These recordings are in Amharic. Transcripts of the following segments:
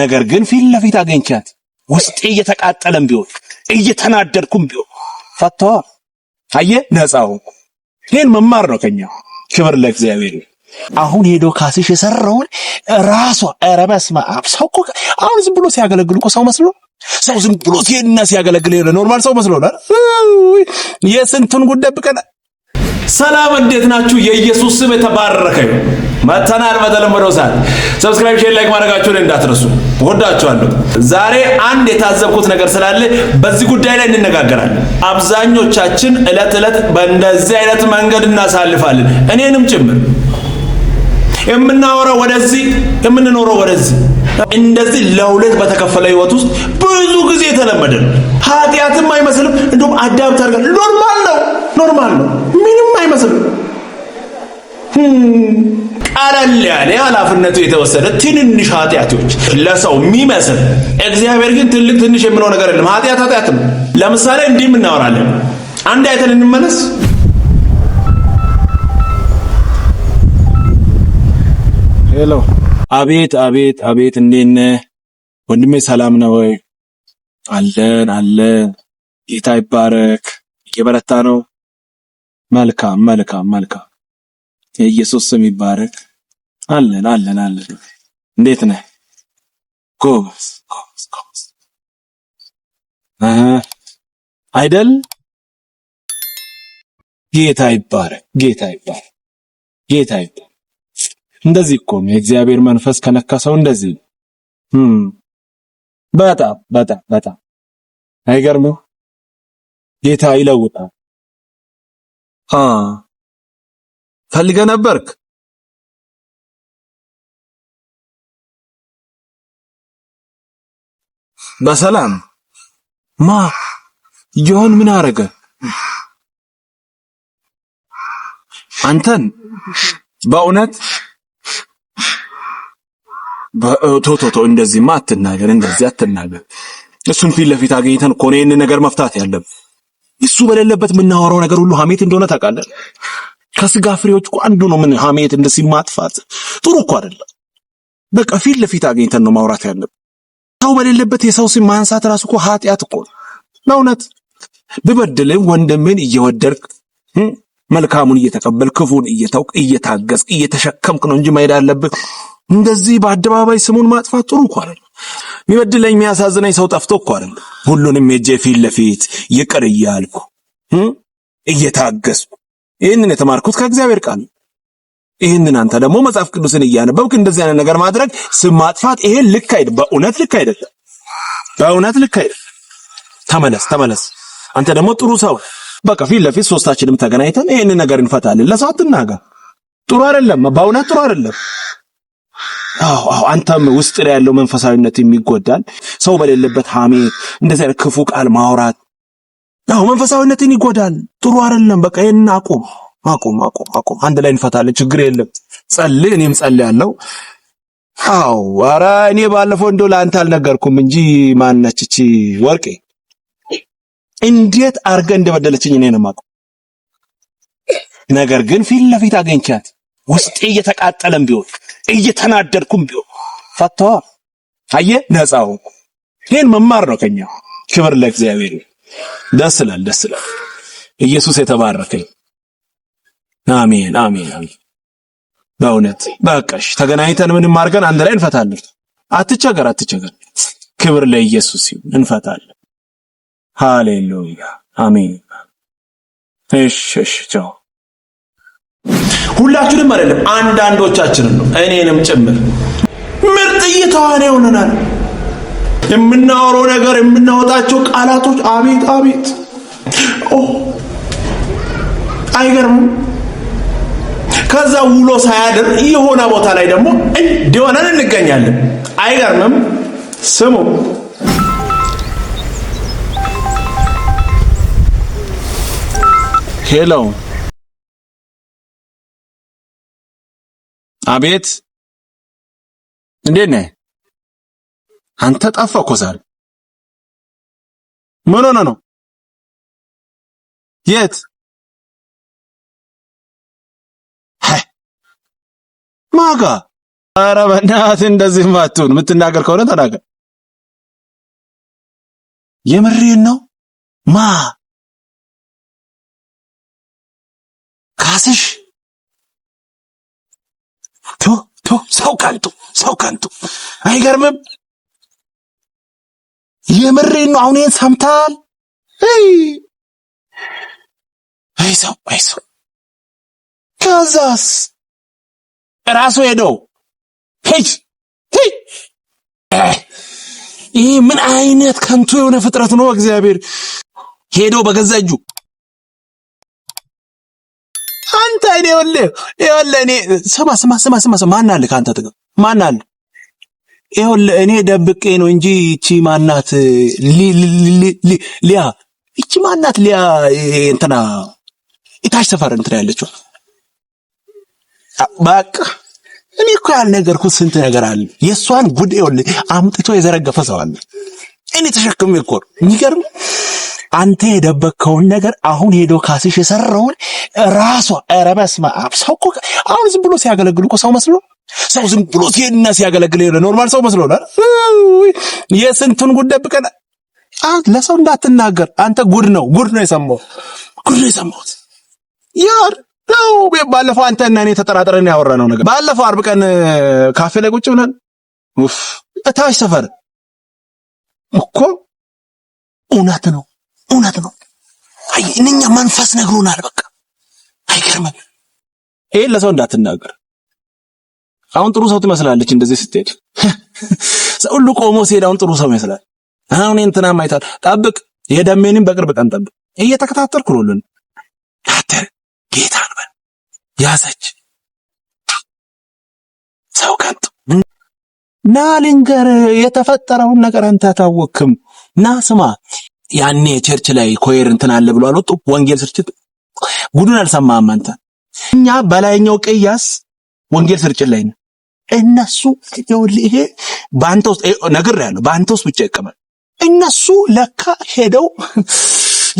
ነገር ግን ፊት ለፊት አገኝቻት ውስጤ እየተቃጠለም ቢሆን እየተናደድኩም ቢሆን ፈተዋል። አየ ነፃው ይህን መማር ነው ከኛ። ክብር ለእግዚአብሔር። አሁን ሄዶ ካስሽ የሰራውን ራሷ ኧረ በስመ አብ ሰው እኮ አሁን ዝም ብሎ ሲያገለግል እኮ ሰው መስሎ ሰው ዝም ብሎ ሲሄድና ሲያገለግል ኖርማል ሰው መስሎ የስንቱን ጉድ ደብቀናል። ሰላም እንዴት ናችሁ? የኢየሱስ ስም የተባረከ ይሁን። መተናል በተለመደው ሰዓት ሰብስክራይብ፣ ሼር፣ ላይክ ማድረጋችሁን እንዳትረሱ። ወዳችኋለሁ። ዛሬ አንድ የታዘብኩት ነገር ስላለ በዚህ ጉዳይ ላይ እንነጋገራለን። አብዛኞቻችን እለት እለት በእንደዚህ አይነት መንገድ እናሳልፋለን፣ እኔንም ጭምር የምናወራው ወደዚህ የምንኖረው ወደዚህ እንደዚህ ለሁለት በተከፈለ ህይወት ውስጥ ብዙ ጊዜ የተለመደ ነው። ኃጢአትም አይመስልም፣ እንዲሁም አዳብት አድርገን ኖርማል ነው። ኖርማል ነው፣ ምንም አይመስልም። ቀለል ያለ ኃላፊነቱ የተወሰደ ትንንሽ ኃጢአቶች ለሰው የሚመስል እግዚአብሔር ግን ትልቅ ትንሽ የምለው ነገር የለም። ኃጢአት ኃጢአት ነው። ለምሳሌ እንዲህ እናወራለን። አንድ አይተን እንመለስ። ሄሎ፣ አቤት፣ አቤት፣ አቤት። እንዴት ነህ ወንድሜ? ሰላም ነው ወይ? አለን አለን። ጌታ ይባረክ። እየበረታ ነው መልካም መልካም መልካም የኢየሱስ ስም ይባረክ። አለን አለን አለን። እንዴት ነህ? ጎበዝ ጎበዝ ጎበዝ አይደል? ጌታ ይባረክ ጌታ ይባረክ ጌታ ይባረክ። እንደዚህ እኮ ነው የእግዚአብሔር መንፈስ ከነካሰው እንደዚህ ነው። በጣም በጣም በጣም አይገርምም? ጌታ ይለውጣል። ፈልገ ነበርክ? በሰላም ማ ጆን ምን አረገ? አንተን በእውነት ቶቶቶ እንደዚህማ አትናገር፣ እንደዚህ አትናገር። እሱን ፊት ለፊት አገኝተን እኮ ነው ይህንን ነገር መፍታት ያለብህ። እሱ በሌለበት የምናወራው ነገር ሁሉ ሀሜት እንደሆነ ታውቃለህ። ከስጋ ፍሬዎች እኮ አንዱ ነው። ምን ሀሜት እንደዚህ ማጥፋት ጥሩ እኮ አይደለም። በቃ ፊት ለፊት አገኝተን ነው ማውራት ያለብን። ሰው በሌለበት የሰው ስም ማንሳት ራሱ እኮ ኃጢአት እኮ ለእውነት ብበድልም ወንድምን እየወደድክ መልካሙን እየተቀበል ክፉን እየተውክ እየታገዝ እየተሸከምክ ነው እንጂ መሄድ አለብህ። እንደዚህ በአደባባይ ስሙን ማጥፋት ጥሩ እኮ አይደለም። የሚበድለኝ የሚያሳዝነኝ ሰው ጠፍቶ እኮ አይደለም። ሁሉንም ሄጄ ፊት ለፊት ይቅር እያልኩ እየታገስኩ ይህንን የተማርኩት ከእግዚአብሔር ቃል ይህንን አንተ ደግሞ መጽሐፍ ቅዱስን እያነበብክ እንደዚህ አይነት ነገር ማድረግ ስም ማጥፋት ይሄ ልክ አይደ በእውነት ልክ አይደለም። በእውነት ልክ አይደለም። ተመለስ ተመለስ። አንተ ደግሞ ጥሩ ሰው በቃ ፊት ለፊት ሶስታችንም ተገናኝተን ይህንን ነገር እንፈታለን። ለሰው አትናገር። ጥሩ አይደለም። በእውነት ጥሩ አይደለም። አዎ አዎ፣ አንተም ውስጥ ላይ ያለው መንፈሳዊነት የሚጎዳል። ሰው በሌለበት ሐሜት፣ እንደዚህ አይነት ክፉ ቃል ማውራት አዎ መንፈሳዊነትን ይጎዳል። ጥሩ አይደለም። በቃ ይሄን አቁም አቁም አቁም አቁም። አንድ ላይ እንፈታለን፣ ችግር የለም። ጸልይ፣ እኔም ጸልያለሁ። አዎ ኧረ እኔ ባለፈው እንደው ለአንተ አልነገርኩም እንጂ ማነች እቺ ወርቄ እንዴት አርገ እንደበደለችኝ እኔ ነው የማውቀው። ነገር ግን ፊት ለፊት አገኝቻት ውስጤ እየተቃጠለም ቢሆን እየተናደድኩም ቢሆን ፈተዋል። አየ ነፃ ሆንኩ። ይህን መማር ነው ከኛ። ክብር ለእግዚአብሔር። ደስ ይላል፣ ደስ ይላል። ኢየሱስ የተባረከኝ። አሜን፣ አሜን፣ አሜን። በእውነት በቃሽ። ተገናኝተን ምንም አድርገን አንድ ላይ እንፈታለን። አትቸገር፣ አትቸገር። ክብር ለኢየሱስ ይሁን። እንፈታለን። ሃሌሉያ፣ አሜን። እሺ፣ እሺ፣ ቻው ሁላችሁንም አይደለም አንዳንዶቻችንን ነው እኔንም ጭምር ምርጥ እየተዋነ ይሆነናል። የምናወራው ነገር የምናወጣቸው ቃላቶች አቤት አቤት ኦ አይገርምም። ከዛ ውሎ ሳያድር የሆነ ቦታ ላይ ደግሞ እንዲሆነን እንገኛለን። አይገርምም? ስሙ ሄለው አቤት እንዴት ነህ? አንተ ጠፋ እኮ ዛሬ። ምን ሆነ ነው? የት ማጋ? ኧረ በእናትህ እንደዚህ ማትሁን። የምትናገር ከሆነ ተናገር። የምሬን ነው። ማ ካስሽ ቶ ቶ ሰው ከንቱ ሰው ከንቱ አይገርምም። የምሬን ነው። አሁን ይሄን ሰምታል። አይ ሰው አይ ሰው ከዛስ ራሱ ሄዶ ሄጅ ይህ ምን አይነት ከንቱ የሆነ ፍጥረት ነው! እግዚአብሔር ሄዶ በገዛ እጁ አንተ አይኔ ወለ ይወለ እኔ ስማ ስማ ስማ ስማ ማን አለ ካንተ ጥቅም ማን አለ? ይኸውልህ እኔ ደብቄ ነው እንጂ እቺ ማናት ሊያ እቺ ማናት ሊያ እንትና ኢታች ሰፈር እንትና ያለችው በቃ እኔ እኮ ያልነገርኩት ስንት ነገር አለ። የእሷን ጉድ ይኸውልህ አምጥቶ የዘረገፈ ሰው አለ። እኔ ተሸክሜ እኮ ነው የሚገርምህ አንተ የደበከውን ነገር አሁን ሄዶ ካስሽ የሰራውን ራሷ ኧረ በስመ አብ። ሰው እኮ አሁን ዝም ብሎ ሲያገለግል እኮ ሰው መስሎ ሰው ዝም ብሎ ሲሄድና ሲያገለግል የሆነ ኖርማል ሰው መስሎ የስንቱን ጉድ ደብቀን ለሰው እንዳትናገር አንተ ጉድ ነው ጉድ ነው የሰማሁት ጉድ ነው የሰማሁት ያር ነው ባለፈው አንተ እና እኔ ተጠራጥረን ያወራነው ነገር ባለፈው አርብ ቀን ካፌ ላይ ቁጭ ብለን እታች ሰፈር እኮ እውነት ነው እውነት ነው። አይ እነኛ መንፈስ ነግሮናል። በቃ አይገርምም። ይሄን ለሰው እንዳትናገር። አሁን ጥሩ ሰው ትመስላለች እንደዚህ ስትሄድ፣ ሰው ሁሉ ቆሞ ሲሄድ አሁን ጥሩ ሰው ይመስላል። አሁን እንትና ማይታል ጠብቅ፣ የደሜንም በቅርብ ቀን ጠብቅ። እየተከታተልኩ ነው። አተር ጌታን ነው ያዘች ሰው ከንቱ ና ልንገር፣ የተፈጠረውን ነገር አንተ አታወቅም። ና ስማ ያኔ ቸርች ላይ ኮየር እንትን አለ ብሎ አልወጡ ወንጌል ስርጭት ጉዱን አልሰማህም አንተ። እኛ በላይኛው ቅያስ ወንጌል ስርጭት ላይ ነው። እነሱ ይኸውልህ ይሄ በአንተ ውስጥ ነገር ያለው በአንተ ውስጥ ብቻ ይቀመጥ። እነሱ ለካ ሄደው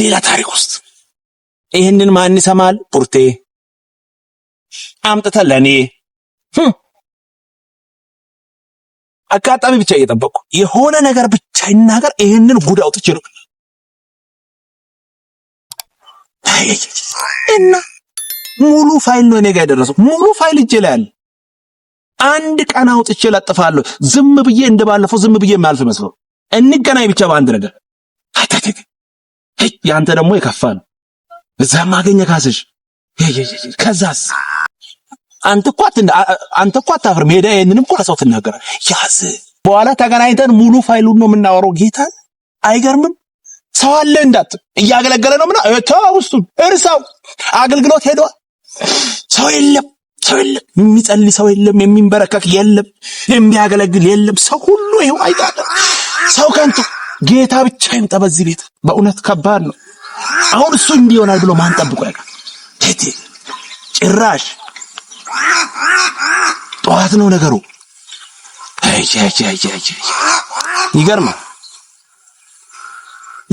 ሌላ ታሪክ ውስጥ ይህንን ማን ይሰማል? ቡርቴ አምጥተ ለኔ አጋጣሚ ብቻ እየጠበቅኩ የሆነ ነገር ብቻ ይናገር። ይህንን ጉድ አውጥቼ ነው እና ሙሉ ፋይል ነው እኔ ጋር የደረሰው። ሙሉ ፋይል እጄ ላይ አለ። አንድ ቀን አውጥቼ ላጠፋለሁ። ዝም ብዬ እንደባለፈው ዝም ብዬ የማልፍ መስሎ እንገናኝ ብቻ በአንድ ነገር። ያንተ ደግሞ የከፋ ነው። እዛም ማገኘ ካስሽ ከዛስ አንተ እኮ አንተ እኮ አታፍርም። ሜዳ ይሄንንም እኮ ለሰው ትናገራለህ። ያዝ በኋላ ተገናኝተን ሙሉ ፋይሉን ነው የምናወራው። ጌታ አይገርምም? ሰው አለ እንዳት እያገለገለ ነው ምና ውስጡ እርሳው አገልግሎት ሄዷል። ሰው የለም፣ ሰው የለም፣ የሚጸልይ ሰው የለም፣ የሚንበረከክ የለም፣ የሚያገለግል የለም። ሰው ሁሉ ይኸው አይጣለ ሰው ከንቱ። ጌታ ብቻ ይምጣ በዚህ ቤት። በእውነት ከባድ ነው። አሁን እሱ እንዲህ ይሆናል ብሎ ማን ጠብቆ ያውቃል? ጭራሽ ጠዋት ነው ነገሩ። ይገርማል።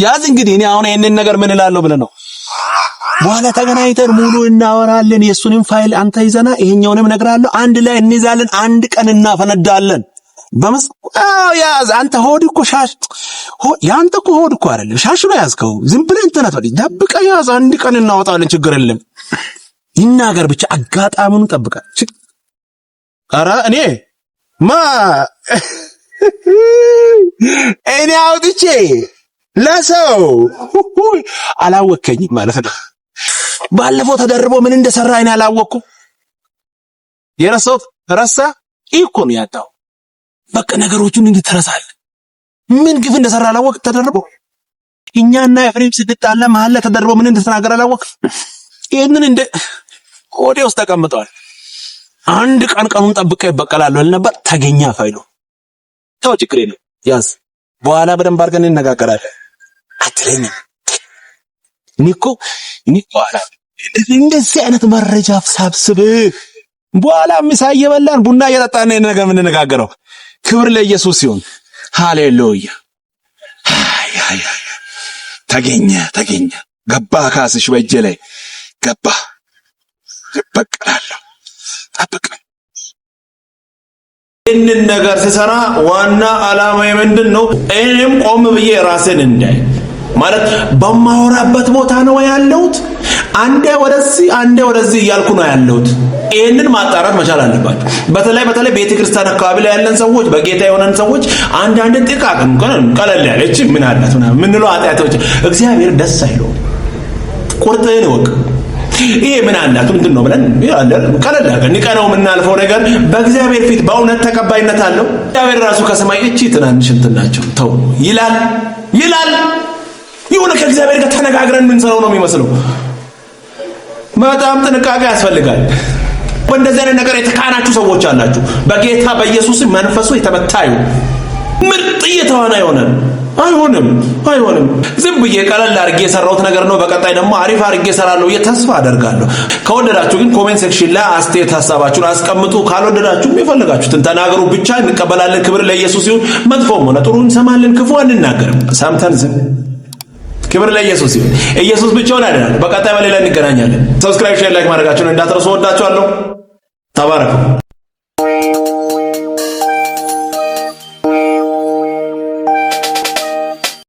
ያዝ እንግዲህ እኔ አሁን ይሄንን ነገር ምን እላለሁ ብለህ ነው። በኋላ ተገናኝተን ሙሉ እናወራለን። የእሱንም ፋይል አንተ ይዘና ይሄኛውንም እነግርሃለሁ አንድ ላይ እንይዛለን። አንድ ቀን እናፈነዳለን። በመስ ያዝ አንተ ሆድ እኮ ሻሽ ያንተ እኮ ሆድ እኮ አይደለም ሻሽ ነው ያዝከው። ዝም ብለህ እንትን አትበል፣ ደብቀህ ያዝ። አንድ ቀን እናወጣለን። ችግር የለም። ይናገር ብቻ አጋጣሚውን ጠብቀህ። ኧረ እኔ ማ እኔ አውጥቼ ለሰው አላወከኝም ማለት ነው። ባለፈው ተደርቦ ምን እንደሰራ እኔ አላወኩም። የረሳሁት ረሳ እኮ ነው ያጣው። በቃ ነገሮቹን እንድትረሳል ምን ግፍ እንደሰራ አላወቅ ተደርቦ እኛና ኤፍሬም ስንጣላ መሀል ላይ ተደርቦ ምን እንደተናገረ አላወቅ። ይህንን እንደ ሆዴ ውስጥ ተቀምጠዋል። አንድ ቀን ቀኑን ጠብቀ ይበቀላል ነበር። ተገኛ ፋይሉ ተው፣ ችግር የለም ያዝ። በኋላ በደንብ አድርገን እንነጋገራለን። አትለኝም። እኔ እኮ እኔ እኮ እንደዚህ አይነት መረጃ ሳብስብ በኋላ ምሳ እየበላን ቡና እየጠጣን ነው ነገር የምንነጋገረው። ክብር ለኢየሱስ ይሁን። ሃሌሉያ። ተገኘ ተገኘ ገባ ካስሽ በእጄ ላይ ገባ። እበቀላለሁ ጠብቅ። ይህንን ነገር ስሰራ ዋና አላማ ምንድን ነው? እኔም ቆም ብዬ ራሴን እንዳይ ማለት በማወራበት ቦታ ነው ያለሁት። አንዴ ወደዚህ አንዴ ወደዚህ እያልኩ ነው ያለሁት። ይህንን ማጣራት መቻል አለባቸው። በተለይ በተለይ ቤተክርስቲያን አካባቢ ላይ ያለን ሰዎች፣ በጌታ የሆነን ሰዎች አንዳንድ ጥቃቅን ቀለል ያለች ምን አላት ምንለው ኃጢአቶች እግዚአብሔር ደስ አይለውም። ቁርጥህን እወቅ። ይሄ ምን አላት ምንድን ነው ብለን ቀለል አድርገን ንቀነው የምናልፈው ነገር በእግዚአብሔር ፊት በእውነት ተቀባይነት አለው። እግዚአብሔር ራሱ ከሰማይ እቺ ትናንሽ እንትን ናቸው ተው ይላል ይላል። የሆነ ከእግዚአብሔር ጋር ተነጋግረን የምንሰራው ነው የሚመስለው። በጣም ጥንቃቄ ያስፈልጋል። በእንደዚህ አይነት ነገር የተካናችሁ ሰዎች አላችሁ። በጌታ በኢየሱስ መንፈሱ የተመታዩ ምርጥ እየተዋና ይሆናል። አይሆንም፣ አይሆንም። ዝም ብዬ ቀለል አድርጌ የሰራሁት ነገር ነው። በቀጣይ ደግሞ አሪፍ አድርጌ እሰራለሁ ተስፋ አደርጋለሁ። ከወደዳችሁ ግን ኮሜንት ሴክሽን ላይ አስተያየት ሀሳባችሁን አስቀምጡ። ካልወደዳችሁም የፈለጋችሁትን ተናገሩ። ብቻ እንቀበላለን። ክብር ለኢየሱስ ይሁን። መጥፎም ሆነ ጥሩ እንሰማለን፣ ክፉ አንናገርም። ሰምተን ዝም ክብር ለኢየሱስ ይሁን። ኢየሱስ ብቻውን ያድናል። በቀጣይ በሌላ እንገናኛለን። ሰብስክራይብ፣ ሼር፣ ላይክ ማድረጋችሁን እንዳትረሱ። ወዳችኋለሁ። ተባረኩ።